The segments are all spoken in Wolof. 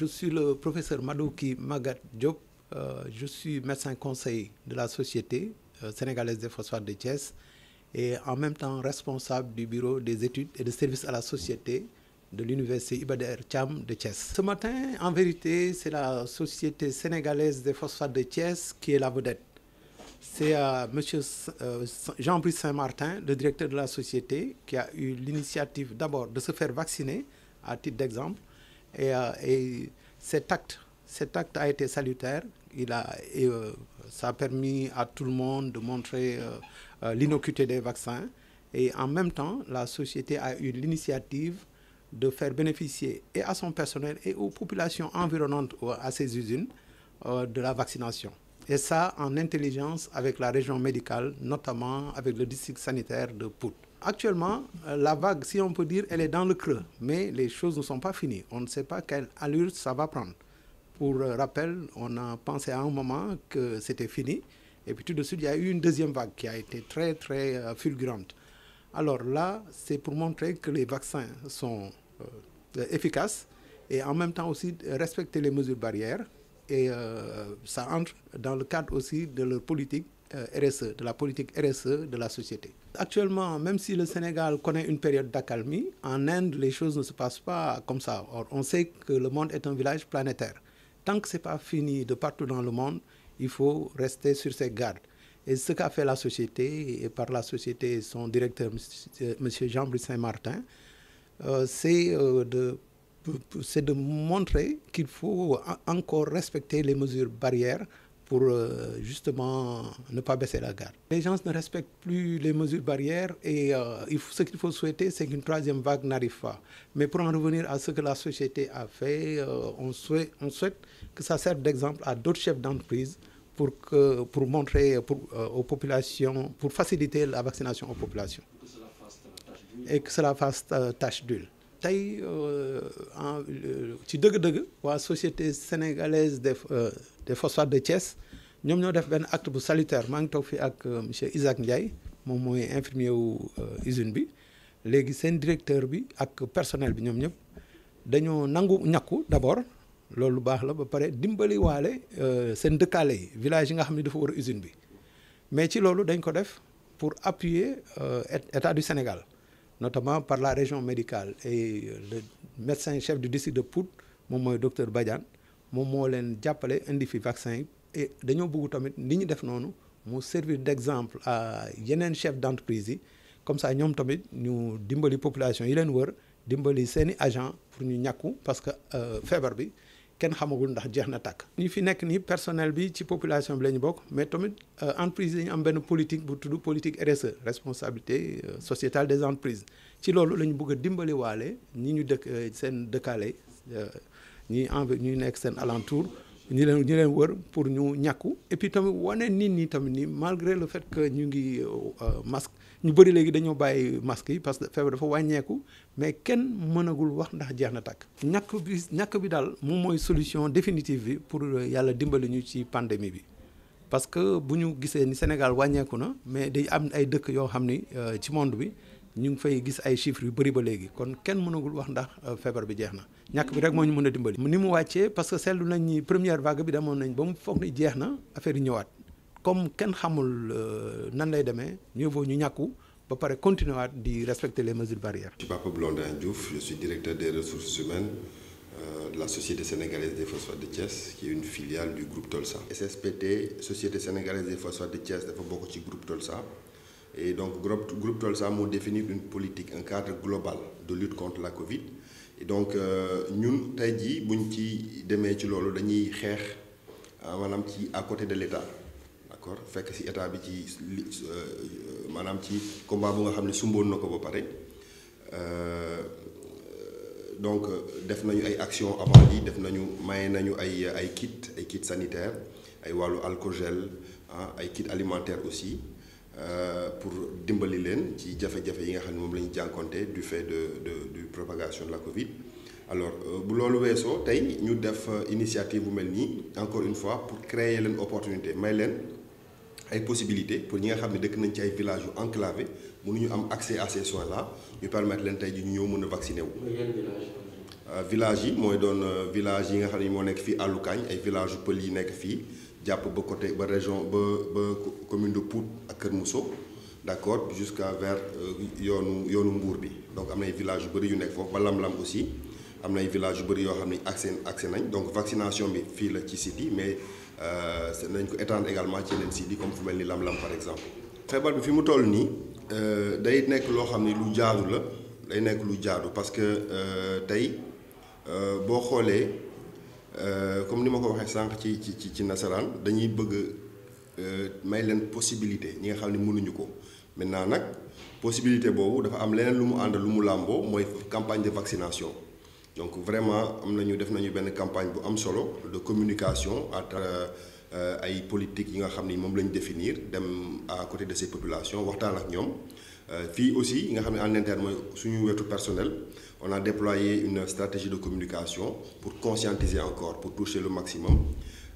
je suis le professeur Madouki Magat Diop euh, je suis médecin conseiller de la société euh, sénégalaise des phosphates de Thiès et en même temps responsable du bureau des études et de service à la société de l'université Iba Der de Thiès. Ce matin, en vérité, c'est la société sénégalaise de phosphates de Thiès qui est la vedette. C'est euh, monsieur euh, Jean-Brice Saint-Martin, le directeur de la société, qui a eu l'initiative d'abord de se faire vacciner à titre d'exemple Et, et, cet acte, cet acte a été salutaire. Il a, et, euh, ça permis à tout le monde de montrer euh, euh, l'innocuité des vaccins. Et en même temps, la société a eu l'initiative de faire bénéficier et à son personnel et aux populations environnantes à ces usines de la vaccination. Et ça en intelligence avec la région médicale, notamment avec le district sanitaire de poute actuellement euh, la vague si on peut dire elle est dans le creux mais les choses ne sont pas finies on ne sait pas quelle allure ça va prendre pour euh, rappel on a pensé à un moment que c'était fini et puis tout de suite il y a eu une deuxième vague qui a été très très euh, fulgurante alors là c'est pour montrer que les vaccins sont euh, efficaces et en même temps aussi respecter les mesures barrières et euh, ça entre dans le cadre aussi de leur politique Euh, RSE, de la politique RSE de la société. Actuellement, même si le Sénégal connaît une période d'accalmie, en Inde, les choses ne se passent pas comme ça. Or, on sait que le monde est un village planétaire. Tant que ce n'est pas fini de partout dans le monde, il faut rester sur ses gardes. Et ce qu'a fait la société, et par la société son directeur, M. Jean-Brice Saint-Martin, euh, c'est euh, de c'est de montrer qu'il faut encore respecter les mesures barrières pour euh, justement ne pas baisser la garde. Les gens ne respectent plus les mesures barrières et euh, il faut, ce qu'il faut souhaiter, c'est qu'une troisième vague n'arrive pas. Mais pour en revenir à ce que la société a fait, euh, on, souhait, on souhaite que ça serve d'exemple à d'autres chefs d'entreprise pour, que, pour montrer pour, euh, aux populations, pour faciliter la vaccination aux populations. Et que cela fasse euh, tâche d'huile. tey euh, ci dëgg-dëgg waa société sénégalaise def des phosphates de Thiès ñoom ñoo def benn acte bu salutaire maa ngi toog fii ak euh, monsieur Isaac Ndiaye moom mooy infirmier wu euh, usine bi léegi seen directeur bi ak personnel bi ñoom ñëpp dañoo nangu ñàkku d'abord loolu lu baax la ba pare dimbali waale euh, seen dëkkaale yi village yi nga xam ne dafa war usine bi mais ci loolu dañ ko def pour appuyer état du Sénégal notamment par la région médicale et le médecin chef du district de Pout moom mooy docteur Badiane moom moo leen jàppale indi fi vaccin yi et dañoo bëgg tamit li ñu def noonu mu servir d'exemple à yeneen chef d'entreprise yi comme ça ñoom tamit ñu dimbali population yi leen wër dimbali seeni agent pour ñu ñàkku parce que euh, feebar bi kenn xamagul ndax jeex na tàkk. ñu fi nekk nii personnel bi ci population bi la ñu bokk mais tamit euh, entreprise dañu am benn politique bu tudd politique RSE responsabilité euh, sociétale des entreprises ci loolu la ñu bëgg a dimbali waale ñi ñu dëkk seen dëkkaale. ñi env ñuy nekk seen alentour ñi leen ñi leen wër pour ñu ñàkku et puis tamit wane nit ñi tamit nii malgré le fait que ñu ngi euh, euh, masque ñu bëri léegi dañoo bàyyi masque yi parce que feebar dafa wàññeeku mais kenn mënagul wax ndax jeex na takk ñàkk bi ñàkk bi daal moom mooy solution définitive bi pour euh, yàlla dimbali ñu ci pandémie bi parce que bu ñu gisee ni Sénégal wàññeeku na mais day am ay dëkk yoo xam ni ci monde bi. ñu ngi fay gis ay chiffres yu bëri ba léegi kon kenn mënagul wax ndax euh, feebar bi jeex na ñàkk bi rek moo ñu mën a dimbali. ni mu wàccee parce que seetlu nañ ni première vague bi demoon nañ ba mu foog ni jeex na affaire ñëwaat comme kenn xamul euh, nan lay demee mieux vaut ñu ñàkku ba pare continuer di respecter les mesures barrières. Papa Blondin Diouf je suis directeur des ressources humaines. Euh, de la Société sénégalaise des phosphates de Thiès qui est une filiale du groupe Tolsa. SSPT Société sénégalaise des phosphates de Thiès ci groupe Tolsa Et donc, groupe, groupe Tolsa moo définir une politique, un cadre global de lutte contre la Covid. Et donc, euh, ñun tey jii buñ ci demee ci loolu dañuy xeex euh, maanaam ci à côté de l'État d'accord fekk ci État bi ci li euh, maanaam ci combat bu nga xam ne sumboon na ko ba pare. donc def nañu ay actions avant lii def nañu maye nañu ay ay kits ay sanitaires ay wàllu alcogel ah ay kits alimentaire aussi. Euh, pour dimbali leen ci jafe-jafe yi nga xam ne moom la ñu jànkonte du fait de de du propagation de la Covid alors euh, bu loolu weesoo tey ñu def euh, initiative bu mel nii encore une fois pour créer leen opportunité may leen ay possibilité pour ñi nga xam ne dëkk nañ ci ay village yu enclavé mënuñu am accès à ces soins ñu permettre leen tey ji ñu mën a vacciner wu. village yi mooy doon village yi nga xam ne moo nekk fii àllukañ ay village yu pël yi nekk fii. jàpp ba côté ba région ba ba commune de Pout ak Kër Mousso d' accord jusqu'à vers euh, yoonu yoonu Mbour bi donc am na ay yu bëri yu nekk foofu ba Lam-Lam aussi am na village villages yu bëri yoo xam ne accès accès nañ donc vaccination bi fii la ci site yi mais euh, nañ ko étendre également ci yeneen site yi comme fu mel ni Lam-Lam par exemple. feebar bi fi mu toll nii euh, day nekk loo xam ne lu jaadu la day nekk lu jaadu parce que tey boo xoolee. Euh, comme ni ma ko waxee sànq ci ci ci nasaraan dañuy bëgg euh, may leen possibilité ñi nga xam ne mënuñu ko maintenant nag possibilité boobu dafa am leneen lu mu ànd lu mu làmboo mooy campagne de vaccination donc vraiment am na ñu def nañu benn campagne bu am solo de communication à euh, ay politique yi nga xam ni moom lañu définir dem a côté de ces population waxtaan ak ñoom Euh, fii aussi nga xam ne en interne mooy suñu wetu personnel on a déployé une stratégie de communication pour conscientiser encore pour toucher le maximum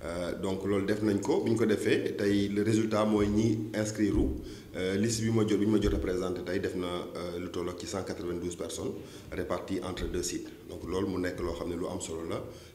euh, donc loolu def nañ ko bi ñu ko defee tey le résultat mooy ñi inscrire euh, liste bi ma jot bi ma jot a présenté tey def na lu tolloog ci 192 personnes réparties entre deux sites donc loolu mu nekk loo xam ne lu am solo la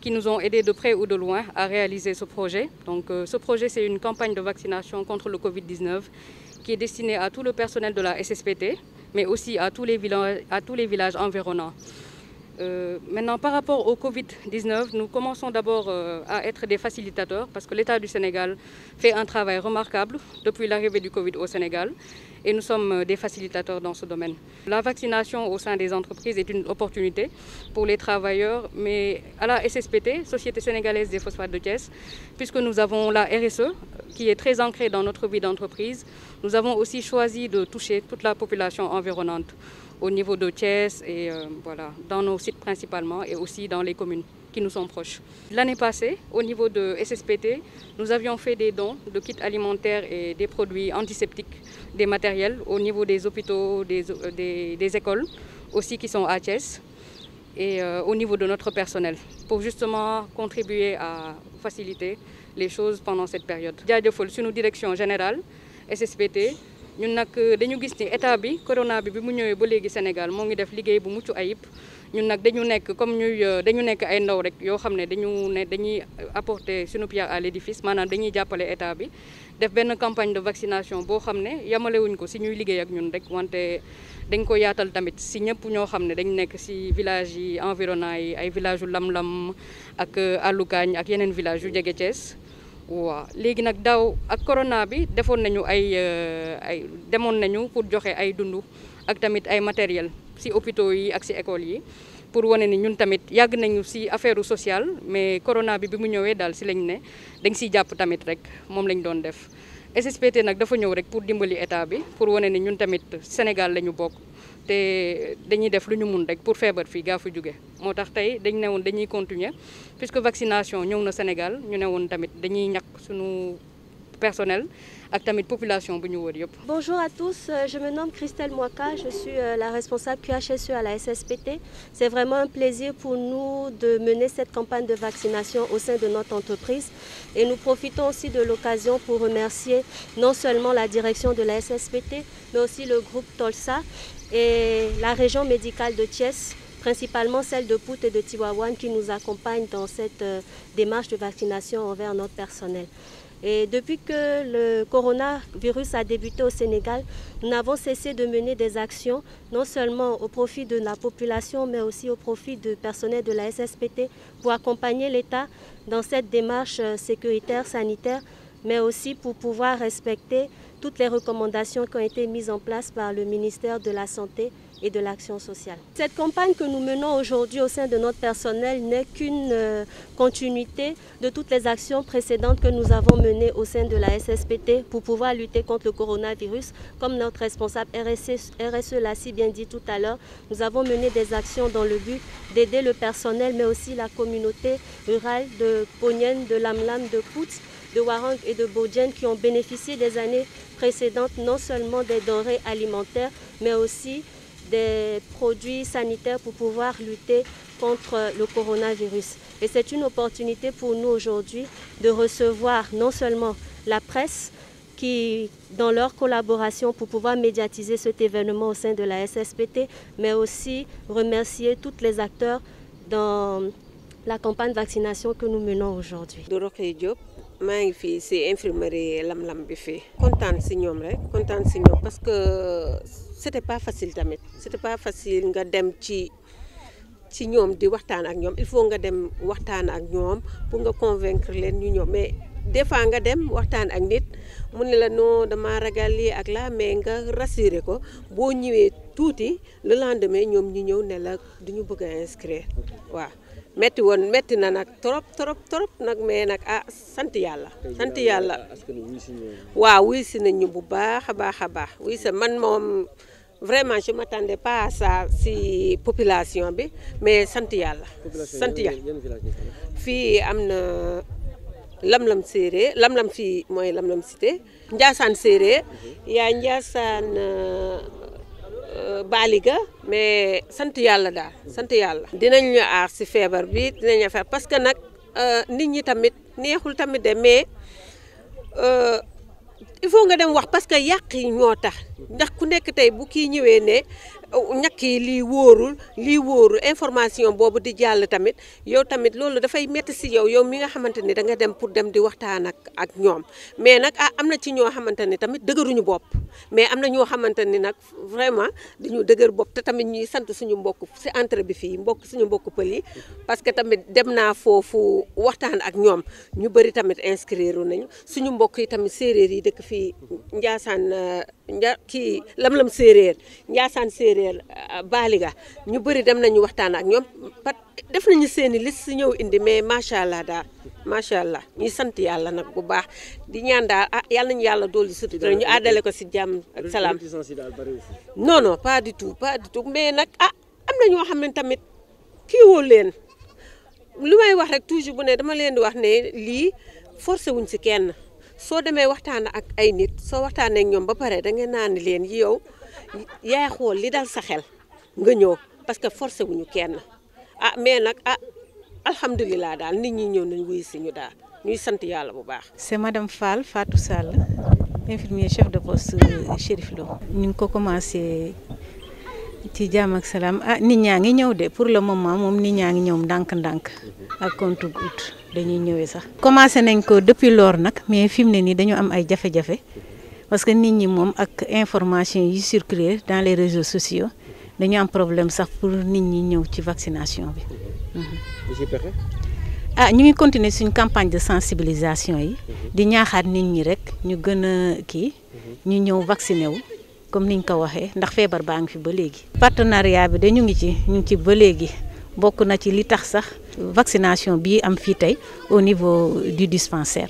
qui nous ont aidés de près ou projet. Euh, une campagne de vaccination contre le Covid-19 qui est destinée à le personnel de la SSPT, mais aussi à tous les villages, à tous les villages environnants. Euh, par rapport au Covid-19, nous commençons d'abord euh, à être des que l'État du Sénégal fait un travail remarquable depuis l'arrivée du Covid Sénégal. et nous sommes euh, des facilitateurs dans ce domaine. La vaccination au sein des entreprises est une opportunité pour les travailleurs, mais à la SSPT, Société sénégalaise des phosphates de caisse, puisque nous avons la RSE qui est très ancrée dans notre vie d'entreprise, nous avons aussi choisi de toucher toute la population environnante au niveau de Thiès et euh, voilà, dans nos sites principalement et aussi dans les communes. qui nous sont proches. L'année passée, au niveau de SSPT, nous avions fait des dons de kits alimentaires et des produits antiseptiques, des matériels au niveau des hôpitaux, des, des, des écoles aussi qui sont à Thiès et euh, au niveau de notre personnel pour justement contribuer à faciliter les choses pendant cette période. Diadefol, sur nos directions générales, SSPT, ñun nag euh, dañu gis ni état bi corona bi bi mu ñëwee ba léegi Sénégal moo ngi def liggéey bu mucc ayib ñun nag dañu nekk comme ñuy euh, dañu nekk ay ndaw rek yoo xam ne dañu ne dañuy apporter suñu pierre à l'édifice maanaam dañuy jàppale état bi def benn campagne de vaccination boo xam ne yamalewuñ ko si ñuy liggéey ak ñun rek wante dañ ko yaatal tamit si ñëpp ñoo xam ne dañ nekk si village yi environnant yi ay village yu Lam-Lam ak euh, Alukaañ ak yeneen village yu jege Thiès waaw léegi nag daaw ak corona bi defoon nañu ay euh, ay demoon nañu pour joxe ay dund ak tamit ay matériel si hôpitaux yi ak si école yi pour wane ni ñun tamit yàgg nañu si affaire sociale mais corona bi bi mu ñëwee daal ci lañ ne dañ ciy jàpp tamit rek moom lañ doon def SSPT nag dafa ñëw rek pour dimbali état bi pour wane ni ñun tamit Sénégal la ñu bokk. te dañuy def lu ñu mun rek pour feebar fii gaa fa jóge moo tax tey dañ ne woon dañuy continuer puisque vaccination ñëw na Sénégal ñu ne woon tamit dañuy ñàkk suñu personnel ak tamit population bu ñu wër yëpp. Bonjour à tous, euh, je me nomme Christelle Moaka, je suis euh, la responsable QHSE à la SSPT. C'est vraiment un plaisir au sein de notre entreprise et nous profitons aussi de l'occasion pour remercier la direction de la SSPT, mais aussi le groupe Tolsa et région médicale de Thiès principalement celle Pout de Tiwawan qui nous accompagnent dans cette euh, démarche Et depuis que le coronavirus a débuté au Sénégal, nous n'avons cessé de mener des actions, non seulement au profit de la population, mais aussi au profit du personnel de la SSPT pour accompagner l'État dans cette démarche euh, sécuritaire, sanitaire, mais aussi pour pouvoir respecter toutes les recommandations qui ont été mises en place par le ministère de la Santé et de l'action sociale. Cette campagne que nous menons aujourd'hui n'est qu'une euh, continuité de toutes les actions précédentes que nous avons menées au sein de la SSPT pour pouvoir lutter contre le coronavirus. Comme notre responsable RSE, l'a si bien dit tout à l'heure, nous avons mené des actions dans le but d'aider le personnel mais aussi la communauté rurale de Ponienne, de Lamlam, de Koutz de Warang et de Bodjen qui ont bénéficié des années précédentes non seulement des denrées alimentaires, des produits sanitaires pour pouvoir lutter contre le coronavirus. Et c'est une opportunité pour nous aujourd'hui de recevoir non seulement la presse, qui, dans leur collaboration pour pouvoir médiatiser cet événement au sein de la SSPT, mais aussi remercier tous les acteurs dans la campagne de vaccination que nous menons aujourd'hui. maa ngi fii si yee lam-lam bi fii kontaan si ñoom rek kontaan si ñoom parce que c'était pas facile tamit c'était pas facile nga dem ci ci ñoom di waxtaan ak ñoom il faut nga dem waxtaan ak ñoom pour nga convaincre leen ñu ñoom mais des fois nga dem waxtaan ak nit mu ne la noo dama ragal lii ak la mais nga rassuré ko boo ñëwee tuuti le lendemain ñoom ñu ñëw ne la du ñu bëgg a inscrire waaw metti woon metti na nag trop trop trop nag mais nag ah sant yàlla sant yàlla ah, waaw wuy si nañu bu baax a baax a baax wuy sa man moom vraiment je m'attendais pas à ça si population bi mais sant yàlla sant yàlla fii am na lam-lam séeréer lam-lam fii mooy lam-lam sité njaasaan séeréer mhm. yaa njaasaan euh, baaliga mais sant yàlla daal sant yàlla. dinañ ñu aar si feebar bi dinañ affaire parce que nag euh, nit ñi tamit neexul tamit de mais euh, il faut nga dem wax parce que yàq yi ñoo tax ndax ku nekk tey bu kii ñëwee ne ñàkk yi lii wóorul lii wóorul information boobu di jàll tamit yow tamit loolu dafay métti si yow yow mi nga xamante ni da nga dem pour dem di waxtaan ak ak ñoom mais nag ah am na ci ñoo xamante ni tamit dëgëruñu bopp. mais am na ñoo xamante ni nag vraiment dañu dëgër bopp te tamit ñuy sant suñu mbokk si entrée bi fii mbokk suñu mbokk pël yi parce que tamit dem naa foofu waxtaan ak ñoom ñu bëri tamit inscrire nañu suñu mbokk yi tamit séeréer yi dëkk fii Njaasaan euh, nja kii lam-lam séeréer Njaasaan séeréer euh, Baaliga ñu bëri dem nañu waxtaan ak ñoom pat def nañu seen i si ñëw indi mais macha allah daal macha allah ñuy sant yàlla nag bu baax di ñaan daal ah yàlla nañu yàlla dool si sutura ñu àddale ko si jàmm ak salaam non non pas du tout pas du tout mais nag ah am na ñoo xam ne tamit kii leen lu may wax rek toujours bu ne dama leen di wax ne lii forcé wuñ si kenn soo demee waxtaan ak ay nit soo waxtaanee ñoom ba pare da ngay naan leen yow yaay xool li dal sa xel nga ñëw parce que forcé wuñu kenn. ah mais nag ah alhamdulilah daal nit ñi ñëw nañ wuyu si ñu daal ñuy sant yàlla bu baax. c'est madame Fall Fatou Sall infirmier chef de poste Chérif Lo. ñu ngi ko commencé ci jàmm ak salaam ah nit ñaa ngi ñëw de pour le moment moom nit ñaa ngi ñëw ndànk-ndànk mhm. ak compte août dañuy ñëwee sax. commencé nañ ko depuis lors nag mais fi mu ne nii dañu am ay jafe-jafe parce que nit ñi moom ak information yi circuler dans les réseaux sociaux. dañu am problème sax pour nit ñi ñëw ci vaccination bi. ah ñu ngi continuer suñ campagne de sensibilisation yi. Mhm. di ñaaxaat nit ñi rek ñu gën a kii. Mhm. ñu ñëw vacciné wu comme niñ ko waxee ndax feebar baa ngi fi ba léegi. partenariat bi dañu ngi ci ñu ngi ci ba léegi bokk na ci li tax sax vaccination bii am fii tey au niveau du dispensaire.